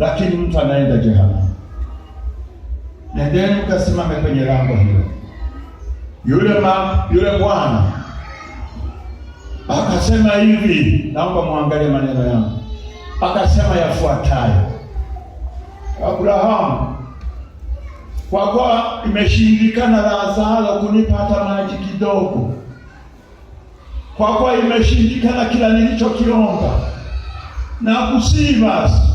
lakini mtu anaenda jehanamu. Nendeni mkasimame kwenye lango hilo. Yule ma, yule bwana akasema hivi, naomba mwangalie maneno yangu. Akasema yafuatayo: Abrahamu, kwa kuwa imeshindikana Lazaro kunipa hata maji kidogo, kwa kuwa imeshindikana kila nilichokiomba, na kusii basi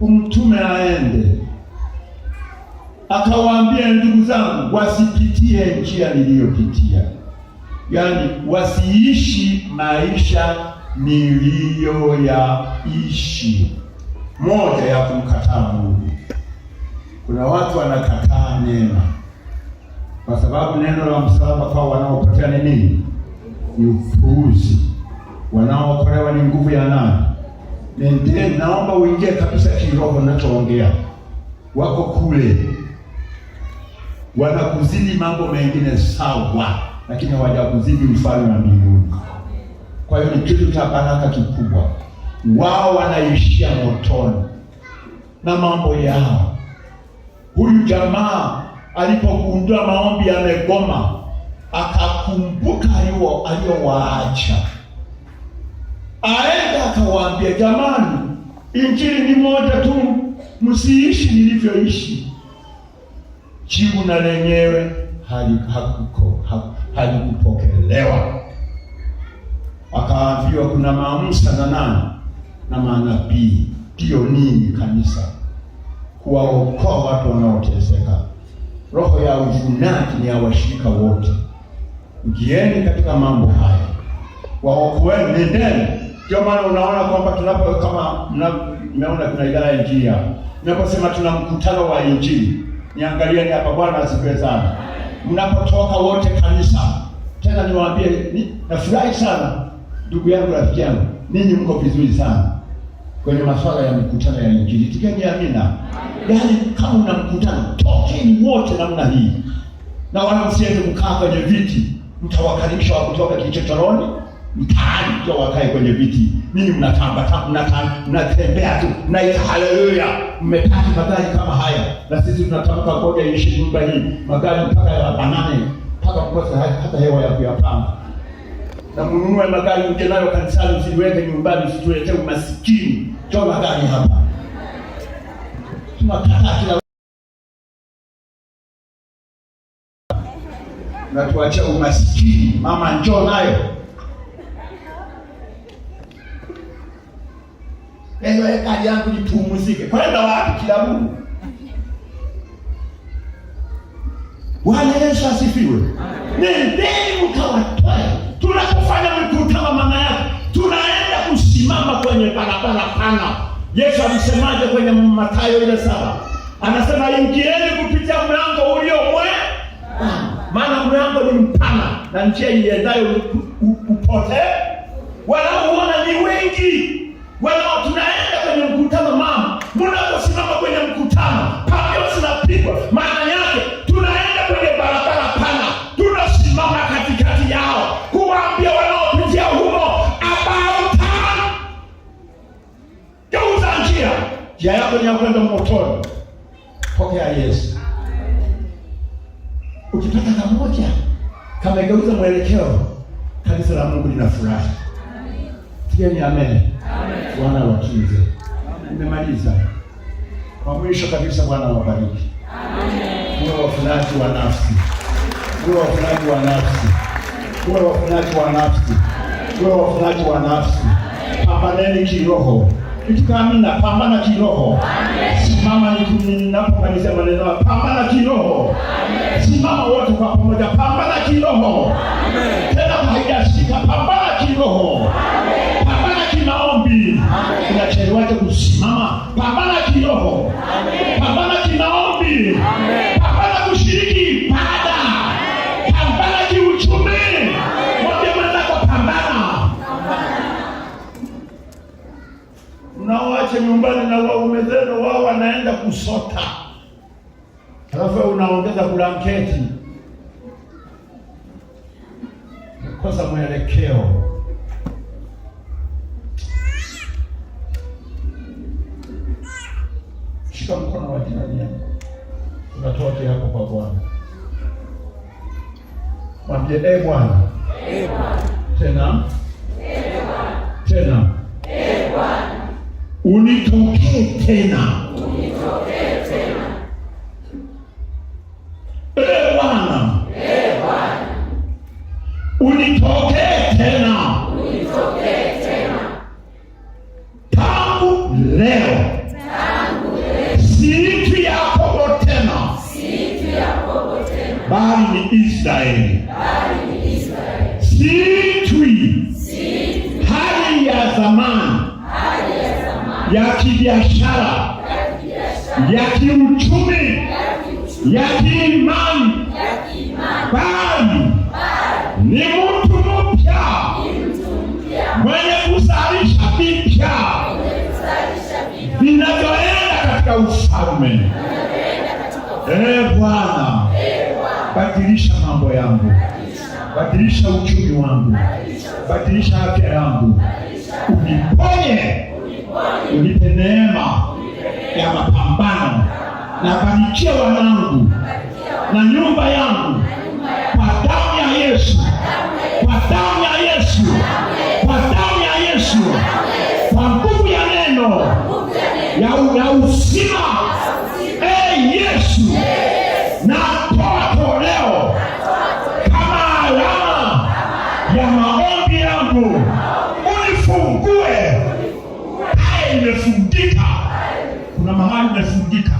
umtume aende. Akawaambia, ndugu zangu, wasipitie njia niliyopitia, yaani wasiishi maisha niliyoyaishi. Moja ya kumkataa Mungu. Kuna watu wanakataa neema kwa sababu neno la msalaba kwa wanaopotea ni nini? Ni upuuzi. Wanaokolewa ni nguvu ya nani? Nende, naomba uingie kabisa kiroho nachoongea. Wako kule wanakuzidi mambo mengine sawa, lakini hawajakuzidi mfalme wa mbinguni. Kwa hiyo ni kitu cha baraka kikubwa. Wao wanaishia motoni na mambo yao. Huyu jamaa alipogundua maombi yamegoma, akakumbuka yuo aliyowaacha aenda akawaambia, jamani, injili ni moja tu, msiishi nilivyoishi. Jibu na lenyewe halikupokelewa. Akaambiwa kuna maamusa na nani na manabii, ndiyo nini kanisa, kuwaokoa watu wanaoteseka. Roho ya uvunaji ni yawashika wote. ngieni katika mambo haya, waokoeni, nendeni ndio maana unaona kwamba tunapo kama mnaona tuna idara ya injili hapa, ninaposema tuna mkutano wa injili, niangalieni hapa. Bwana asifiwe sana. Mnapotoka wote kanisa, tena niwaambie, ni, nafurahi sana ndugu yangu, rafiki yangu, ninyi mko vizuri sana kwenye masuala ya mikutano ya injili. Tupeni amina. Yaani kama una mkutano, tokeni wote namna hii, na wala msiende mkaa kwenye viti, mtawakaribisha wa kutoka kichochoroni mtaani kwa wakae kwenye viti, Mimi mnatamba tamba, mnatembea tu, naita haleluya. Mmepata magari kama haya, na sisi tunatamka ngoja iishi nyumba hii, magari mpaka ya banane mpaka mkose hata hewa ya kuyapanga, na mnunue magari uje nayo kanisani, usiweke nyumbani, usituletee umasikini. Njoo magari hapa, tunakata kila na tuache umasikini. Mama njoo nayo Yaani Enyo eka yangu jitumuzike. Kwenda wapi kila kilabuni? Wale Yesu asifiwe. Nendeni mkawatoe. Tunapofanya mkutano mama yake, tunaenda kusimama kwenye barabara pana. Yesu alisemaje kwenye Mathayo ile saba? Anasema ingieni kupitia mlango ulio mwe. Maana mlango ni mpana na njia iendayo upote. Wala Wala tunaenda kwenye mkutano mama, mnaposimama kwenye mkutano pambio zinapigwa, maana yake tunaenda kwenye barabara pana, tunasimama katikati yao kuwaambia wanaopitia humo about time. Geuza njia, njia yako ni ya kwenda motoni. Pokea Yesu. Ukipata kamoja kamegeuza mwelekeo, kanisa la Mungu linafurahi. Sikieni amen. Bwana watunze. Nimemaliza. Kwa mwisho kabisa, Bwana wabariki. Kuwe wafunaji wa nafsi, kuwe wafunaji wa nafsi, kuwe wafunaji wa nafsi, kuwe wafunaji wa nafsi. Pambaneni kiroho, tukikamina, pambana kiroho. Simama ninapomaliza maneno, pambana kiroho. Simama wote kwa pamoja, pambana kiroho. Tena haijashika, pambana kiroho mstari wake kusimama. Pambana kiroho, pambana kimaombi, pambana kushiriki ibada, pambana kiuchumi. Mwambie mwanako pambana. Unaoacha nyumbani na waume zenu, wao wanaenda kusota, alafu unaongeza blanketi, kosa mwelekeo watoke hapo kwa Bwana, mwambie e Bwana, tena ee tena, e Bwana, unitokee tena ya kiimani bali ni mtu mpya mwenye kuzalisha vipya vinavyoenda katika ufalme. Eh Bwana, badilisha mambo yangu, badilisha uchumi wangu, badilisha afya yangu, uniponye, unipe neema ya mapambano na barikia wanangu na nyumba yangu kwa damu ya Yesu, kwa damu ya Yesu, kwa damu ya Yesu, kwa nguvu ya neno ya uzima. Ee Yesu, natoa toleo kama alama ya maombi yangu, unifungue. Haya, imefungika. Kuna mahali imefungika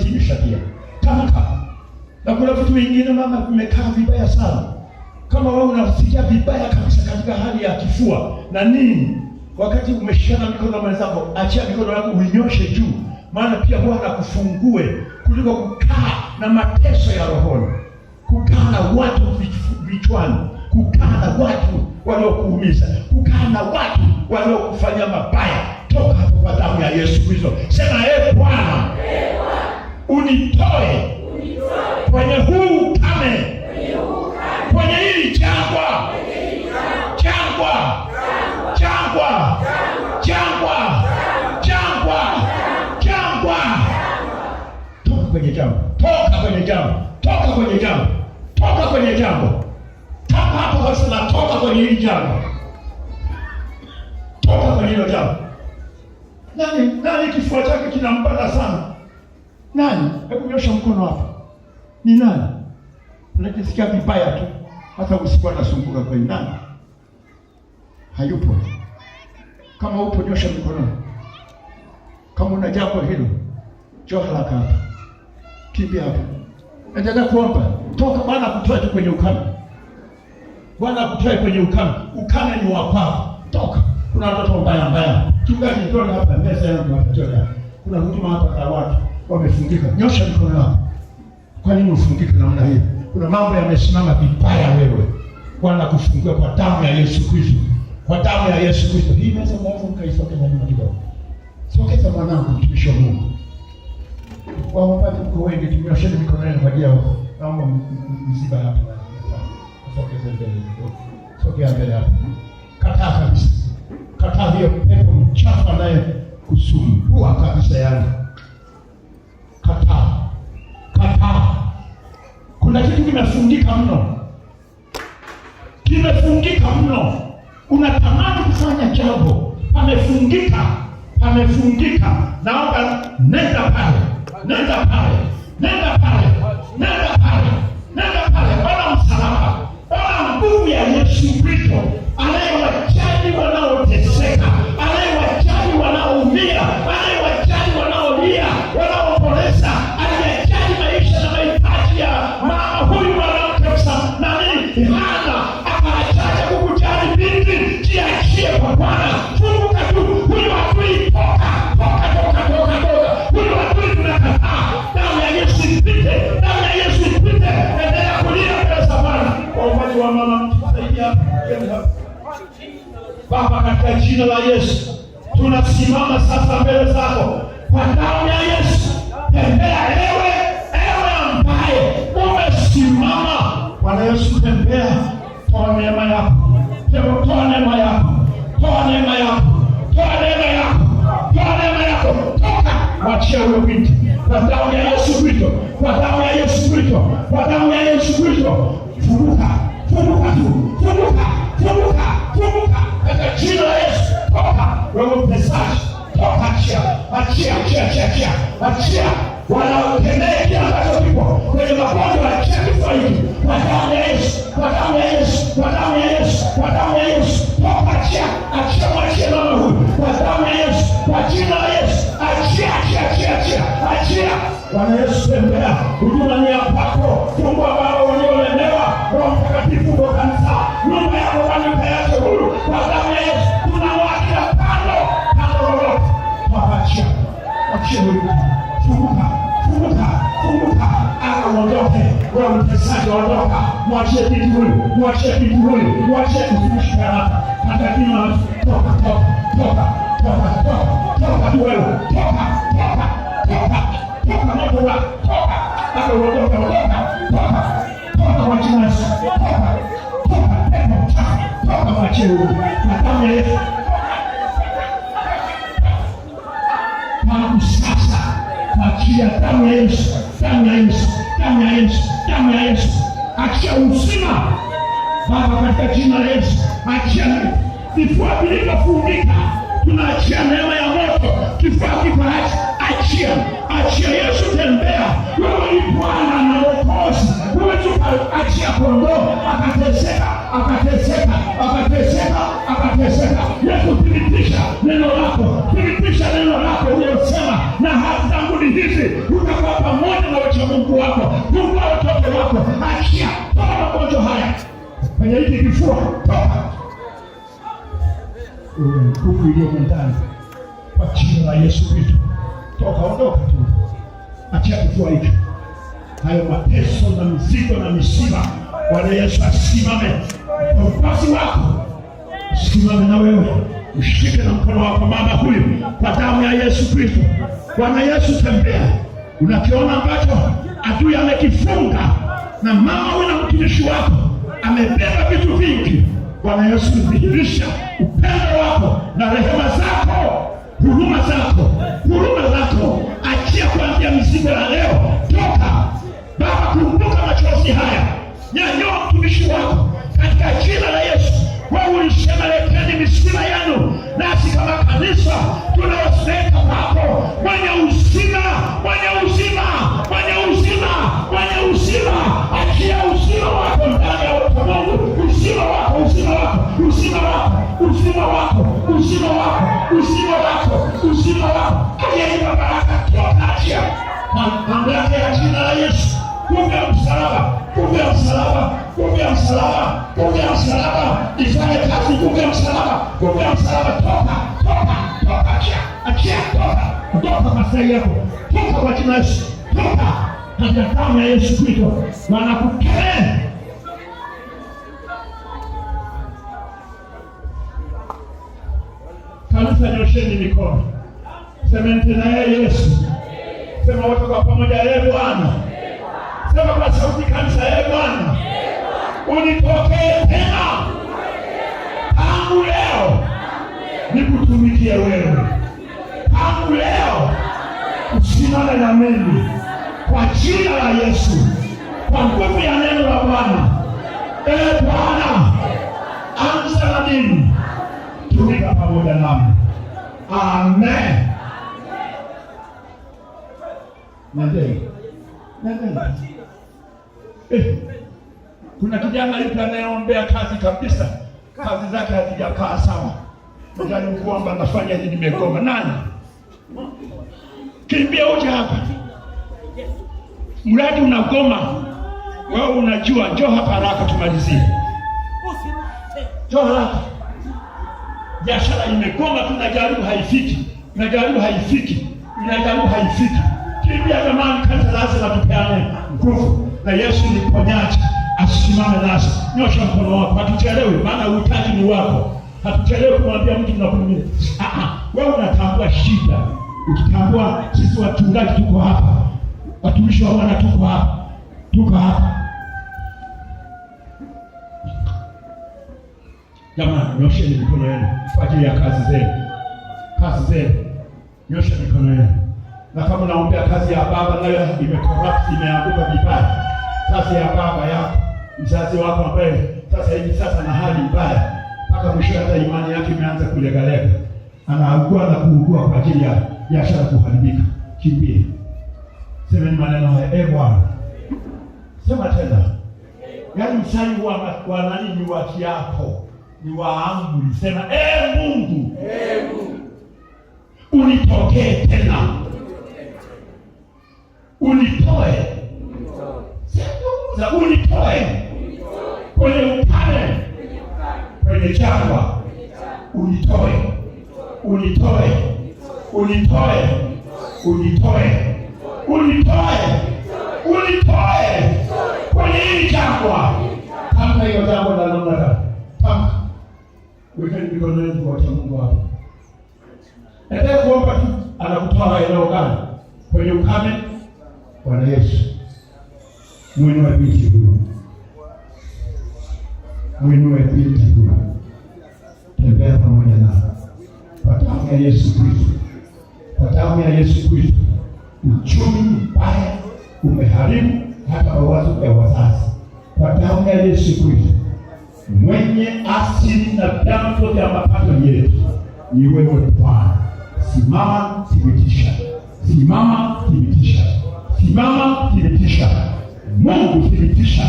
inahitimisha pia kama na kuna vitu vingine mama, vimekaa vibaya sana. Kama wewe unasikia vibaya kabisa katika hali ya kifua na nini, wakati umeshikana mikono na mwenzako, achia mikono yako uinyoshe juu, maana pia Bwana akufungue kuliko kukaa na mateso ya rohoni, kukaa na watu vichwani, kukaa na watu waliokuumiza, kukaa na watu waliokufanya mabaya. Toka hapo kwa damu ya Yesu Kristo, sema ee Bwana unitoe kwenye huu ukame, kwenye hili jangwa, jangwa, jangwa, jangwa, jangwa, jangwa, toka kwenye jangwa, toka kwenye jangwa, toka kwenye jangwa, toka kwenye jangwa, kama hapo kasema, toka kwenye hili jangwa, toka kwenye hilo jangwa. Nani nani, kifua chake kinampata sana nani? Hebu nyosha mkono hapa. Ni nani? Unajisikia vibaya tu hata usikuwa nasumbuka kwa nani? Hayupo. Kama upo nyosha mkono. Kama una jambo hilo, njoo haraka hapa. Kimbia hapa. Endelea kuomba. Toka Bwana tu kwenye ukame. Bwana akutoe kwenye ukame. Ukame ni wa kwako. Toka. Kuna watoto mbaya mbaya. Kimbia kidogo hapa meza yangu hapa. Kuna huduma hapa kwa watu wamefungika. Nyosha mikono yako. Kwa nini ufungike namna hii? Kuna mambo yamesimama vibaya wewe. Bwana kufungua kwa damu ya Yesu Kristo. Kwa damu ya Yesu Kristo. Hii meza mwanzo mkaisogeza nyuma kidogo. Sogeza mwanangu mtumishi wa Mungu. Kwa wapate mko wengi tunyosheni mikono yenu kwa jao. Naomba msiba hapa. Sogeza mbele kidogo. Sogea mbele hapa. Kataa kabisa. Kataa hiyo pepo mchafu anaye kusumbua kabisa yangu kataa, kataa. Kuna kitu kimefungika mno, kimefungika mno. Unatamani kufanya jambo, pamefungika, pamefungika. Naomba nenda pale, nenda pale, nenda pale, nenda pale, nenda pale. Ona msalaba, ona nguvu ya Yesu Kristo anayewajali Baba, katika jina la Yesu tunasimama sasa mbele zako kwa damu ya Yesu. Tembea ewe, ewe ambaye umesimama. Bwana Yesu, tembea, toa neema yako, toa neema yako, toa neema yako, toa neema yako, toa neema yako, toka, mwachia huyo binti kwa damu ya Yesu Kristo, kwa damu ya Yesu Kristo, kwa damu ya Yesu Kristo, furuka Funguka tu, funguka, funguka, funguka. Repetindo isso. Toca, vamos pensar. Toca, tia, tia, tia, tia, tia, tia. Wanaotembea kila katoliko kwenye magonjwa ya kifo hiki, kwa damu ya Yesu, kwa damu ya Yesu, kwa damu ya Yesu, kwa damu ya Yesu, toka, achia, achia, mwachie mama huyu, kwa damu ya Yesu, kwa jina la Yesu, achia, achia, achia, achia, achia. Bwana Yesu, tembea, o ni ya kwako, fungua baba mtesaji, ondoka, mwachie binti huyu, mwachie binti huyu, mwachie kufushi karata hata kima, toka, toka, toka, toka, toka, toka tu wewe, toka, toka, toka, toka, moto wa, toka, hata uondoka, ondoka, toka, toka kwa jina la Yesu, toka, toka, pepo mchafu, toka, mwachie huyu, na damu ya Yesu tangu sasa, mwachia damu ya Yesu, damu ya Yesu, damu ya Yesu damu ya Yesu, achia uzima Baba, katika jina la Yesu, achia vifua vilivyofunika, tunaachia neema ya moto, kifua kipaachi, achia, achia Yesu, tembea wewe, ni Bwana na Mwokozi, achia kondoo akateseka, akateseka, akateseka, akateseka. Yesu, thibitisha neno lako, thibitisha neno lako uliyosema na hautangudi hizi, utakuwa pamoja na wacha Mungu wako, kumba watoto wako. Achia, toka magonjwa haya kwenye hiki kifua, toka mkuku iliyo ndani kwa jina la Yesu Kristo, toka, ondoka tu, achia kifua hiki, hayo mateso na mzigo na misiba. Bwana Yesu asimame kwa upasi wako, simame na wewe, ushike na mkono wako mama huyu kwa damu ya Yesu Kristo. Bwana Yesu, tembea. Unakiona ambacho adui amekifunga, na mama huyu na mtumishi wako amebeba vitu vingi. Bwana Yesu, dhihirisha upendo wako na rehema zako, huruma zako, huruma zako. Achia kuambia mzigo la leo, toka Baba. Kumbuka machozi haya, nyanyua mtumishi wako katika jina la Yesu. Wewe ulisema, leteni misima yenu, nasi kama kanisa tunawasileta kwako wenye uzima, wenye uzima, wenye uzima, wenye uzima. Achia uzima wako ndani ya watu wa Mungu, uzima wako, uzima wako, uzima wako, uzima wako, uzima wako, uzima wako, uzima wako, aliyeiva baraka tokaachia mamlaka ya jina la Yesu. Kumbe msalaba, kumbe msalaba, kumbe msalaba, kumbe msalaba, ifanye kazi. Kumbe msalaba, kumbe msalaba masai yako, toka kwa jina Yesu, toka katika damu ya Yesu Kristo. kukemea kanisa, nyosheni mikono, semeni tena, yeye Yesu, sema wote kwa pamoja, ye ee Bwana, sema kwa sauti kanisa, ye ee Bwana, unitokee tena, tangu leo nikutumikie wewe tangu leo usinane na mimi, kwa jina la Yesu, kwa nguvu ya neno la Bwana. E Bwana, anza na mimi, tumika pamoja nami. Amen. Nendeni, nendeni. Eh, kuna kijana yupo anayeombea kazi kabisa, kazi zake hazijakaa sawa, jani kwamba nafanya hivi, nimekoma nani kimbia uje hapa. Mradi unagoma wewe, unajua. njo hapa haraka, tumalizie. Njoo haraka, biashara imegoma, tunajaribu haifiki, tunajaribu haifiki, tunajaribu haifiki. Kimbia jamani, kata lazima tupeane nguvu, na Yesu ni mponyaji, asisimame nasi. Nyosha mkono wako, hatuchelewi maana uhitaji ni wako. hatuchelewi kumwambia mtu ah, ah, Wewe unatambua shida ukitambua sisi wachungaji tuko hapa, watumishi wa Bwana tuko hapa, tuko hapa jamani, nyosheni mikono yenu kwa ajili ya kazi zenu, kazi zenu, nyosha mikono yenu. Na kama naombea kazi ya baba nayo imekorapti, imeanguka vibaya, kazi ya baba yako mzazi wako ambaye sasa hivi sasa na hali mbaya mpaka mwisho, hata imani yake imeanza kulegalega, anaugua na kuugua kwa ajili yako biashara kuharibika, kimbie. Sema maneno haya, eh Bwana, sema tena. Yaani msali wa wa nani ni wa kiapo, ni wa amri. Sema eh Mungu, eh Mungu, unitokee tena, unitoe, sema unitoe kwenye ukame, kwenye jangwa, unitoe, unitoe unitoe, unitoe, unitoe, unitoe kwenye hili jangwa. Tamka hiyo jambo la namna gani? Tamka, wekeni mikono yenu kwa Mungu hapa. Endelea kuomba tu, anakutoa eneo gani? Kwenye ukame? Bwana Yesu, mwinue binti huyu, mwinue binti huyu, tembea pamoja na kwa patamia Yesu Kristo kwa damu ya Yesu Kristo. Uchumi mbaya umeharibu hata mawazo ya wazazi. Kwa damu ya Yesu Kristo, mwenye asili na vyanzo vya mapato yetu ni wewe Bwana. Simama thibitisha, simama thibitisha, simama thibitisha. Mungu thibitisha,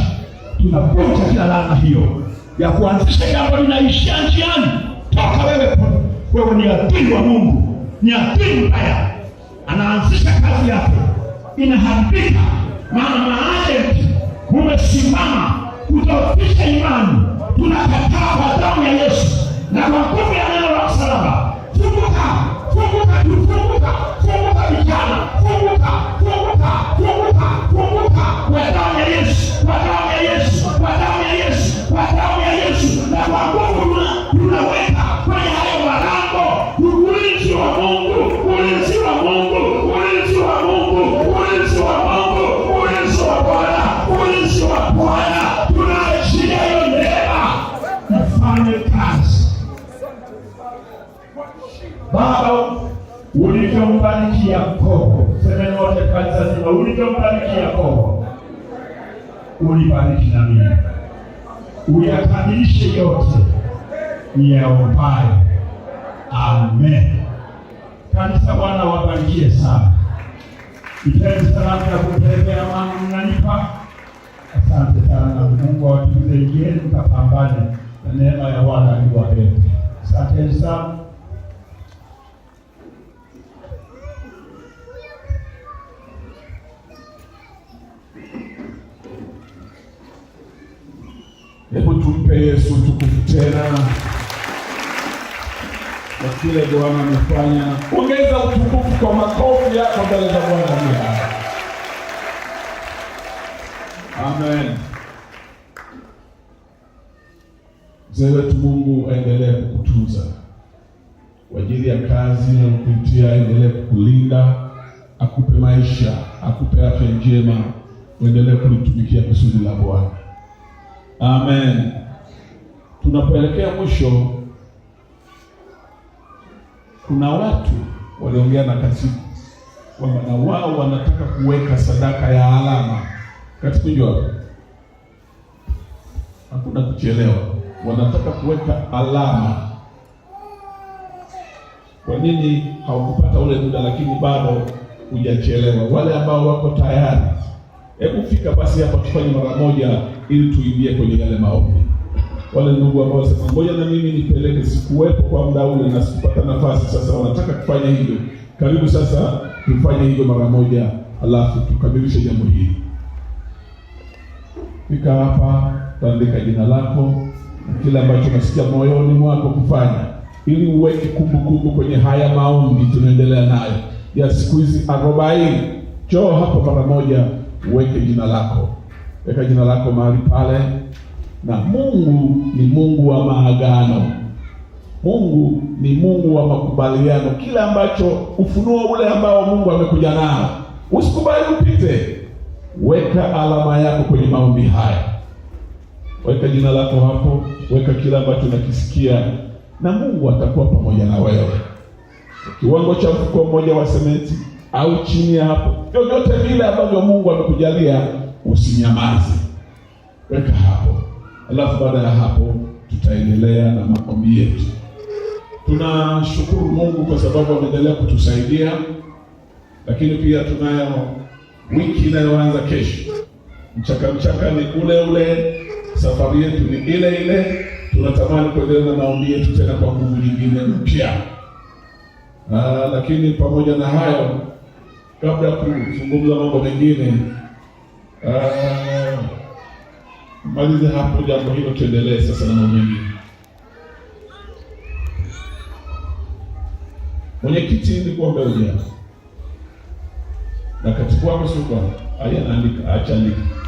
tunavunja kila laana hiyo ya kuanzisha jambo linaishia njiani. Toka wewe, wewe ni adui wa Mungu ni akili mbaya, anaanzisha kazi yake inaharibika, maana maanake umesimama kutofisha imani. Tunakataa kwa damu ya Yesu na kwa nguvu ya neno la msalaba. Funguka, funguka, funguka, funguka vijana, funguka, funguka, funguka, funguka kwa damu ya Yesu, kwa damu ya Yesu. Baba ulivyombariki Yakobo, semeni wote kanisa zima, ulivyombariki Yakobo ulibariki na mimi, uyakamilishe yote yaombayo. Amen. Kanisa, Bwana wabarikie sana. Ipeni salamu ya kupelekea mama mnanipa. Asante sana, Mungu awatukuze. Ingieni mkapambane na neema ya Bwana iwalete Asanteni sana. Hebu tumpe Yesu utukufu tena kwa kile Bwana amefanya. Ongeza utukufu kwa makofi yako mbele za Bwana. Amen. Mzee wetu Mungu aendelee kukutunza kwa ajili ya kazi na aendelee kukulinda, akupe maisha, akupe afya njema, uendelee kulitumikia kusudi la Bwana. Amen. Tunapoelekea mwisho, kuna watu waliongea na katibu kwamba na wao wanataka kuweka sadaka ya alama. Katibu, hakuna kuchelewa wanataka kuweka alama. Kwa nini haukupata ule muda, lakini bado hujachelewa? Wale ambao wako tayari, hebu fika basi hapa tufanye mara moja, ili tuingie kwenye yale maombi. Wale ndugu ambao sasa, ngoja na mimi nipeleke, sikuwepo kwa muda ule na sikupata nafasi, sasa wanataka kufanya hivyo, karibu sasa tufanye hivyo mara moja, alafu tukamilishe jambo hili. Fika hapa, tuandika jina lako kile ambacho unasikia moyoni mwako kufanya, ili uweke kumbukumbu kwenye haya maombi tunaendelea nayo ya siku hizi arobaini. cho hapo mara moja, uweke jina lako, weka jina lako mahali pale. Na Mungu ni Mungu wa maagano, Mungu ni Mungu wa makubaliano. Kile ambacho ufunuo ule ambao Mungu amekuja nao, usikubali upite. Weka alama yako kwenye maombi haya. Weka jina lako hapo, weka kila ambacho unakisikia, na Mungu atakuwa pamoja na wewe. Kiwango cha mfuko mmoja wa sementi au chini ya hapo, vyovyote vile ambavyo Mungu amekujalia, usinyamaze, weka hapo. Alafu baada ya hapo tutaendelea na maombi yetu. Tunashukuru Mungu kwa sababu ameendelea kutusaidia, lakini pia tunayo wiki inayoanza kesho. Mchaka mchaka ni ule ule Safari yetu ni ile ile, tunatamani kuendelea na maombi yetu tena kwa nguvu nyingine mpya. Ah, lakini pamoja na hayo, kabla ya kuzungumza mambo mengine, ah, malize hapo jambo hilo, tuendelee sasa na mambo mengine. Mwenyekiti, kuombe ujao na katibu wako Supa aye acha andika